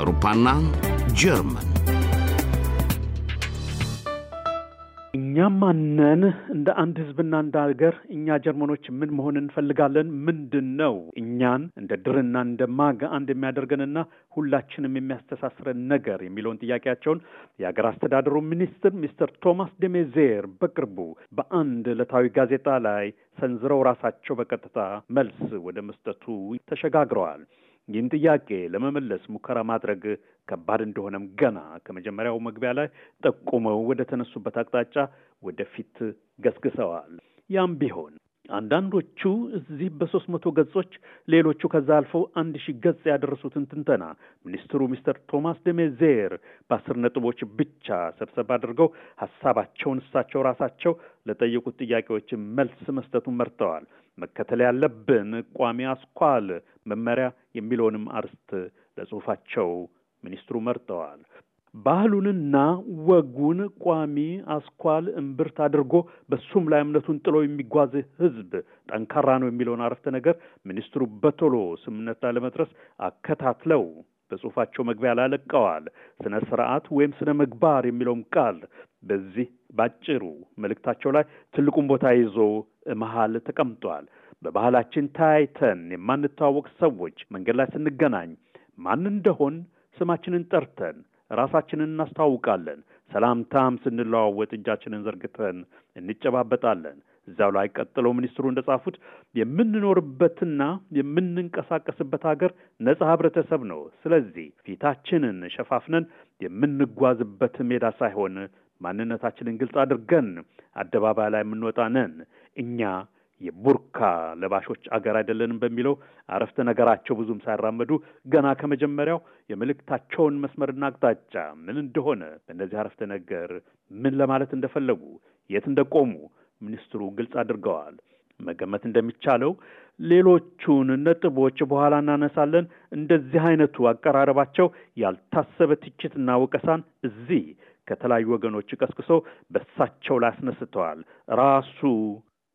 አውሮፓና ጀርመን እኛም ማነን እንደ አንድ ህዝብና እንደ ሀገር እኛ ጀርመኖች ምን መሆን እንፈልጋለን? ምንድን ነው እኛን እንደ ድርና እንደ ማግ አንድ የሚያደርገንና ሁላችንም የሚያስተሳስረን ነገር የሚለውን ጥያቄያቸውን የሀገር አስተዳደሩ ሚኒስትር ሚስተር ቶማስ ደሜዜር በቅርቡ በአንድ ዕለታዊ ጋዜጣ ላይ ሰንዝረው ራሳቸው በቀጥታ መልስ ወደ መስጠቱ ተሸጋግረዋል። ይህን ጥያቄ ለመመለስ ሙከራ ማድረግ ከባድ እንደሆነም ገና ከመጀመሪያው መግቢያ ላይ ጠቁመው ወደ ተነሱበት አቅጣጫ ወደፊት ገስግሰዋል። ያም ቢሆን አንዳንዶቹ እዚህ በሶስት መቶ ገጾች ሌሎቹ ከዛ አልፈው አንድ ሺህ ገጽ ያደረሱትን ትንተና ሚኒስትሩ ሚስተር ቶማስ ደሜዜር በአስር ነጥቦች ብቻ ሰብሰብ አድርገው ሀሳባቸውን እሳቸው ራሳቸው ለጠየቁት ጥያቄዎች መልስ መስጠቱን መርተዋል። መከተል ያለብን ቋሚ አስኳል መመሪያ የሚለውንም አርስት ለጽሁፋቸው ሚኒስትሩ መርጠዋል። ባህሉንና ወጉን ቋሚ አስኳል እምብርት አድርጎ በሱም ላይ እምነቱን ጥሎ የሚጓዝ ህዝብ ጠንካራ ነው የሚለውን አረፍተ ነገር ሚኒስትሩ በቶሎ ስምምነት ላይ ለመድረስ አከታትለው በጽሁፋቸው መግቢያ ላይ ለቀዋል። ስነ ስርዓት ወይም ስነ ምግባር የሚለውም ቃል በዚህ ባጭሩ መልእክታቸው ላይ ትልቁን ቦታ ይዞ መሀል ተቀምጧል። በባህላችን ታያይተን የማንተዋወቅ ሰዎች መንገድ ላይ ስንገናኝ ማን እንደሆን ስማችንን ጠርተን ራሳችንን እናስተዋውቃለን። ሰላምታም ስንለዋወጥ እጃችንን ዘርግተን እንጨባበጣለን። እዚያው ላይ ቀጥለው ሚኒስትሩ እንደጻፉት የምንኖርበትና የምንንቀሳቀስበት ሀገር ነጻ ህብረተሰብ ነው። ስለዚህ ፊታችንን ሸፋፍነን የምንጓዝበት ሜዳ ሳይሆን ማንነታችንን ግልጽ አድርገን አደባባይ ላይ የምንወጣ ነን እኛ የቡርካ ለባሾች አገር አይደለንም በሚለው አረፍተ ነገራቸው ብዙም ሳይራመዱ ገና ከመጀመሪያው የመልእክታቸውን መስመርና አቅጣጫ ምን እንደሆነ፣ በእነዚህ አረፍተ ነገር ምን ለማለት እንደፈለጉ፣ የት እንደቆሙ ሚኒስትሩ ግልጽ አድርገዋል። መገመት እንደሚቻለው ሌሎቹን ነጥቦች በኋላ እናነሳለን። እንደዚህ አይነቱ አቀራረባቸው ያልታሰበ ትችትና ወቀሳን እዚህ ከተለያዩ ወገኖች ቀስቅሶ በእሳቸው ላይ አስነስተዋል። ራሱ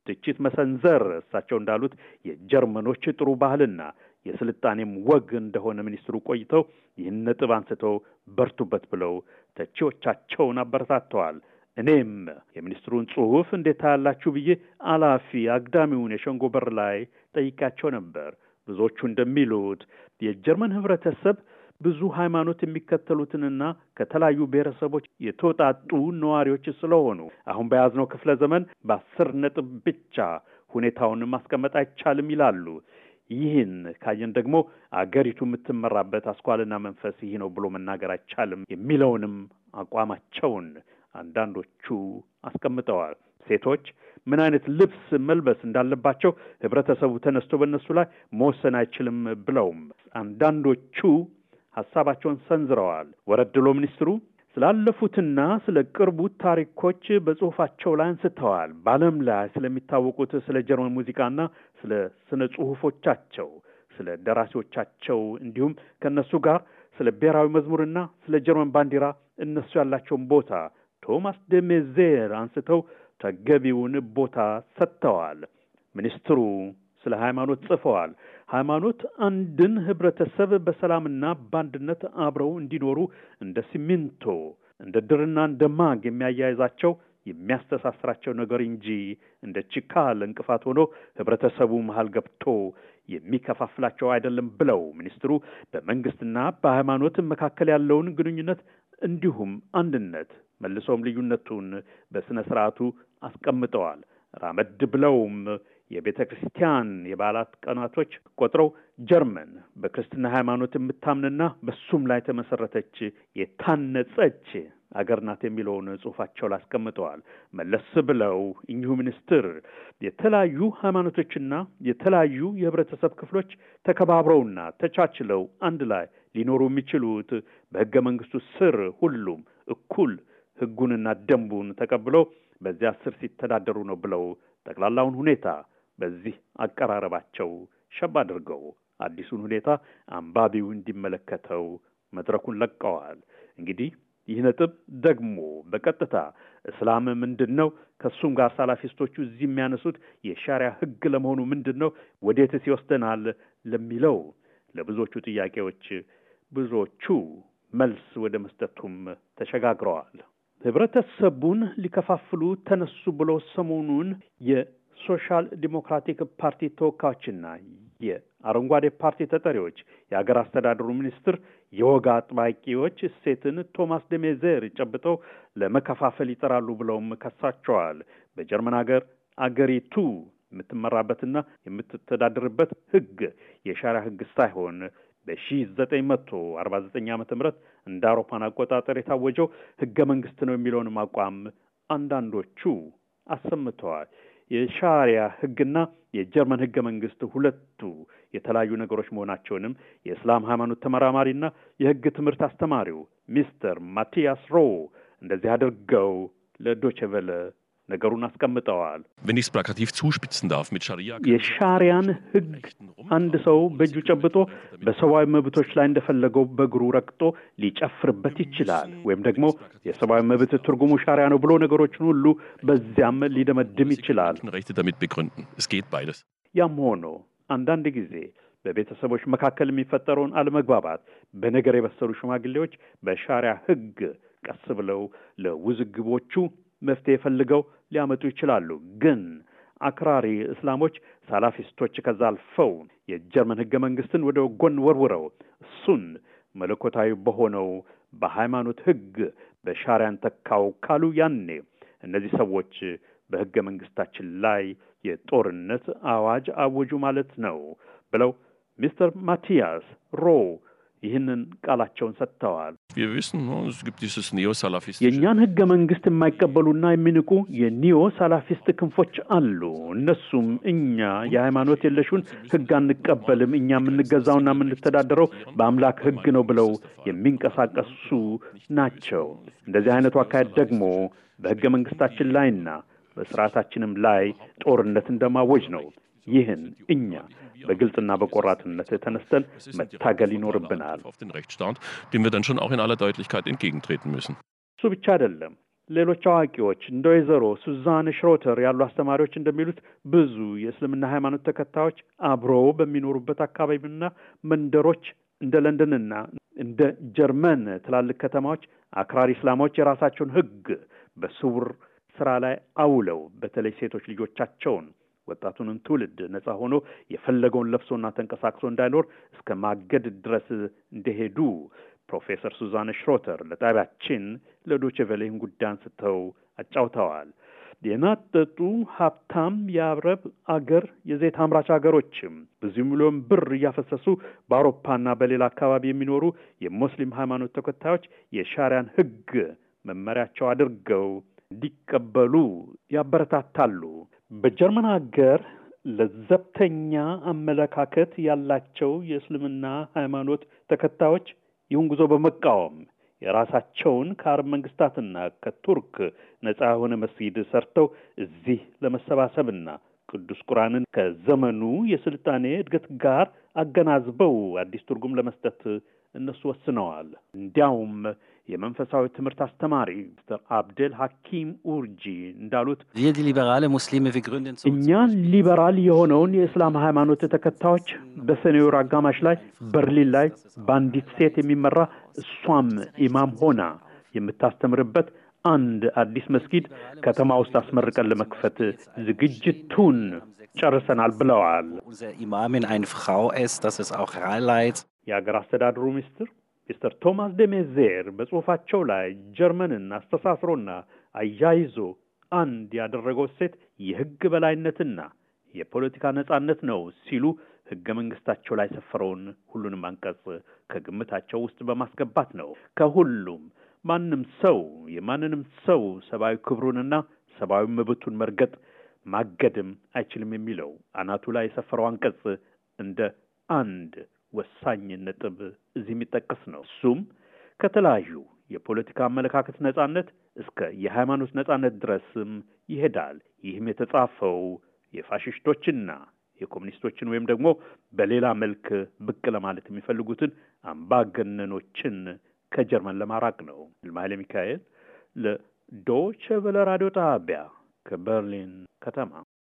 ትችት መሰንዘር እሳቸው እንዳሉት የጀርመኖች ጥሩ ባህልና የስልጣኔም ወግ እንደሆነ ሚኒስትሩ ቆይተው ይህን ነጥብ አንስተው በርቱበት ብለው ተቺዎቻቸውን አበረታተዋል። እኔም የሚኒስትሩን ጽሑፍ እንዴት ታያላችሁ ብዬ አላፊ አግዳሚውን የሸንጎ በር ላይ ጠይቃቸው ነበር። ብዙዎቹ እንደሚሉት የጀርመን ህብረተሰብ ብዙ ሃይማኖት የሚከተሉትንና ከተለያዩ ብሔረሰቦች የተውጣጡ ነዋሪዎች ስለሆኑ አሁን በያዝነው ክፍለ ዘመን በአስር ነጥብ ብቻ ሁኔታውን ማስቀመጥ አይቻልም ይላሉ። ይህን ካየን ደግሞ አገሪቱ የምትመራበት አስኳልና መንፈስ ይህ ነው ብሎ መናገር አይቻልም የሚለውንም አቋማቸውን አንዳንዶቹ አስቀምጠዋል። ሴቶች ምን አይነት ልብስ መልበስ እንዳለባቸው ህብረተሰቡ ተነስቶ በእነሱ ላይ መወሰን አይችልም ብለውም አንዳንዶቹ ሀሳባቸውን ሰንዝረዋል። ወረድሎ ሚኒስትሩ ስላለፉትና ስለ ቅርቡ ታሪኮች በጽሁፋቸው ላይ አንስተዋል። በዓለም ላይ ስለሚታወቁት ስለ ጀርመን ሙዚቃና ስለ ስነ ጽሁፎቻቸው፣ ስለ ደራሲዎቻቸው እንዲሁም ከእነሱ ጋር ስለ ብሔራዊ መዝሙርና ስለ ጀርመን ባንዲራ እነሱ ያላቸውን ቦታ ቶማስ ደሜዜር አንስተው ተገቢውን ቦታ ሰጥተዋል። ሚኒስትሩ ስለ ሃይማኖት ጽፈዋል። ሃይማኖት አንድን ህብረተሰብ በሰላምና በአንድነት አብረው እንዲኖሩ እንደ ሲሚንቶ እንደ ድርና እንደ ማግ የሚያያይዛቸው የሚያስተሳስራቸው ነገር እንጂ እንደ ችካል እንቅፋት ሆኖ ህብረተሰቡ መሀል ገብቶ የሚከፋፍላቸው አይደለም ብለው ሚኒስትሩ በመንግስትና በሃይማኖት መካከል ያለውን ግንኙነት እንዲሁም አንድነት መልሶም ልዩነቱን በስነ ስርዓቱ አስቀምጠዋል። ራመድ ብለውም የቤተ ክርስቲያን የበዓላት ቀናቶች ቆጥረው ጀርመን በክርስትና ሃይማኖት የምታምንና በሱም ላይ ተመሰረተች የታነጸች አገር ናት የሚለውን ጽሁፋቸው ላይ አስቀምጠዋል። መለስ ብለው እኚሁ ሚኒስትር የተለያዩ ሃይማኖቶችና የተለያዩ የህብረተሰብ ክፍሎች ተከባብረውና ተቻችለው አንድ ላይ ሊኖሩ የሚችሉት በህገ መንግስቱ ስር ሁሉም እኩል ህጉንና ደንቡን ተቀብሎ በዚያ ስር ሲተዳደሩ ነው ብለው ጠቅላላውን ሁኔታ በዚህ አቀራረባቸው ሸብ አድርገው አዲሱን ሁኔታ አንባቢው እንዲመለከተው መድረኩን ለቀዋል። እንግዲህ ይህ ነጥብ ደግሞ በቀጥታ እስላም ምንድን ነው? ከእሱም ጋር ሳላፊስቶቹ እዚህ የሚያነሱት የሻሪያ ሕግ ለመሆኑ ምንድን ነው? ወዴትስ ይወስደናል? ለሚለው ለብዙዎቹ ጥያቄዎች ብዙዎቹ መልስ ወደ መስጠቱም ተሸጋግረዋል። ህብረተሰቡን ሊከፋፍሉ ተነሱ ብለው ሰሞኑን ሶሻል ዲሞክራቲክ ፓርቲ ተወካዮችና የአረንጓዴ ፓርቲ ተጠሪዎች የሀገር አስተዳደሩ ሚኒስትር የወግ አጥባቂዎች እሴትን ቶማስ ደሜዘር ጨብጠው ለመከፋፈል ይጠራሉ ብለውም ከሳቸዋል። በጀርመን ሀገር አገሪቱ የምትመራበትና የምትተዳደርበት ህግ የሻሪያ ህግ ሳይሆን በ1949 ዓ ም እንደ አውሮፓን አቆጣጠር የታወጀው ህገ መንግስት ነው የሚለውንም አቋም አንዳንዶቹ አሰምተዋል። የሻሪያ ህግና የጀርመን ህገ መንግስት ሁለቱ የተለያዩ ነገሮች መሆናቸውንም የእስላም ሃይማኖት ተመራማሪና የህግ ትምህርት አስተማሪው ሚስተር ማቲያስ ሮ እንደዚህ አድርገው ለዶቼ ነገሩን አስቀምጠዋል። የሻሪያን ሕግ አንድ ሰው በእጁ ጨብጦ በሰብአዊ መብቶች ላይ እንደፈለገው በእግሩ ረግጦ ሊጨፍርበት ይችላል። ወይም ደግሞ የሰብአዊ መብት ትርጉሙ ሻሪያ ነው ብሎ ነገሮችን ሁሉ በዚያም ሊደመድም ይችላል። ያም ሆኖ አንዳንድ ጊዜ በቤተሰቦች መካከል የሚፈጠረውን አለመግባባት በነገር የበሰሉ ሽማግሌዎች በሻሪያ ሕግ ቀስ ብለው ለውዝግቦቹ መፍትሄ ፈልገው ሊያመጡ ይችላሉ ግን አክራሪ እስላሞች ሳላፊስቶች ከዛ አልፈው የጀርመን ህገ መንግስትን ወደ ጎን ወርውረው እሱን መለኮታዊ በሆነው በሃይማኖት ህግ በሻሪያን ተካው ካሉ ያኔ እነዚህ ሰዎች በህገ መንግስታችን ላይ የጦርነት አዋጅ አወጁ ማለት ነው ብለው ሚስተር ማቲያስ ሮ ይህንን ቃላቸውን ሰጥተዋል። የእኛን ህገ መንግስት የማይቀበሉና የሚንቁ የኒዮ ሳላፊስት ክንፎች አሉ። እነሱም እኛ የሃይማኖት የለሹን ህግ አንቀበልም፣ እኛ የምንገዛውና የምንተዳደረው በአምላክ ህግ ነው ብለው የሚንቀሳቀሱ ናቸው። እንደዚህ አይነቱ አካሄድ ደግሞ በህገ መንግስታችን ላይና በስርዓታችንም ላይ ጦርነት እንደማወጅ ነው። ይህን እኛ በግልጽና በቆራጥነት ተነስተን መታገል ይኖርብናል። እሱ ብቻ አይደለም። ሌሎች አዋቂዎች እንደ ወይዘሮ ሱዛን ሽሮተር ያሉ አስተማሪዎች እንደሚሉት ብዙ የእስልምና ሃይማኖት ተከታዮች አብረው በሚኖሩበት አካባቢና መንደሮች እንደ ለንደንና እንደ ጀርመን ትላልቅ ከተማዎች አክራሪ እስላሞች የራሳቸውን ሕግ በስውር ስራ ላይ አውለው በተለይ ሴቶች ልጆቻቸውን ወጣቱንም ትውልድ ነፃ ሆኖ የፈለገውን ለብሶና ተንቀሳቅሶ እንዳይኖር እስከ ማገድ ድረስ እንደሄዱ ፕሮፌሰር ሱዛን ሽሮተር ለጣቢያችን ለዶቼ ቬለ ስተው አጫውተዋል። የናጠጡ ሀብታም የአረብ አገር የዘይት አምራች አገሮችም ብዙ ሚሊዮን ብር እያፈሰሱ በአውሮፓና በሌላ አካባቢ የሚኖሩ የሙስሊም ሃይማኖት ተከታዮች የሻሪያን ሕግ መመሪያቸው አድርገው እንዲቀበሉ ያበረታታሉ። በጀርመን ሀገር ለዘብተኛ አመለካከት ያላቸው የእስልምና ሃይማኖት ተከታዮች ይሁን ጉዞ በመቃወም የራሳቸውን ከአረብ መንግስታትና ከቱርክ ነፃ የሆነ መስጊድ ሰርተው እዚህ ለመሰባሰብና ቅዱስ ቁርአንን ከዘመኑ የስልጣኔ እድገት ጋር አገናዝበው አዲስ ትርጉም ለመስጠት እነሱ ወስነዋል። እንዲያውም የመንፈሳዊ ትምህርት አስተማሪ ሚስተር አብደል ሐኪም ኡርጂ እንዳሉት እኛ ሊበራል የሆነውን የእስላም ሃይማኖት ተከታዮች በሰኔ ወር አጋማሽ ላይ በርሊን ላይ በአንዲት ሴት የሚመራ እሷም ኢማም ሆና የምታስተምርበት አንድ አዲስ መስጊድ ከተማ ውስጥ አስመርቀን ለመክፈት ዝግጅቱን ጨርሰናል ብለዋል። የአገር አስተዳደሩ ሚኒስትር ሚስተር ቶማስ ደሜዜር በጽሑፋቸው ላይ ጀርመንን አስተሳስሮና አያይዞ አንድ ያደረገው ሴት የሕግ በላይነትና የፖለቲካ ነጻነት ነው ሲሉ ሕገ መንግስታቸው ላይ ሰፈረውን ሁሉንም አንቀጽ ከግምታቸው ውስጥ በማስገባት ነው። ከሁሉም ማንም ሰው የማንንም ሰው ሰብአዊ ክብሩንና ሰብአዊ መብቱን መርገጥ ማገድም አይችልም የሚለው አናቱ ላይ የሰፈረው አንቀጽ እንደ አንድ ወሳኝ ነጥብ እዚህ የሚጠቀስ ነው። እሱም ከተለያዩ የፖለቲካ አመለካከት ነጻነት እስከ የሃይማኖት ነጻነት ድረስም ይሄዳል። ይህም የተጻፈው የፋሽስቶችና የኮሚኒስቶችን ወይም ደግሞ በሌላ መልክ ብቅ ለማለት የሚፈልጉትን አምባገነኖችን ከጀርመን ለማራቅ ነው። ይልማ ኃይለ ሚካኤል ለዶይቸ ቬለ ራዲዮ ጣቢያ ከበርሊን ከተማ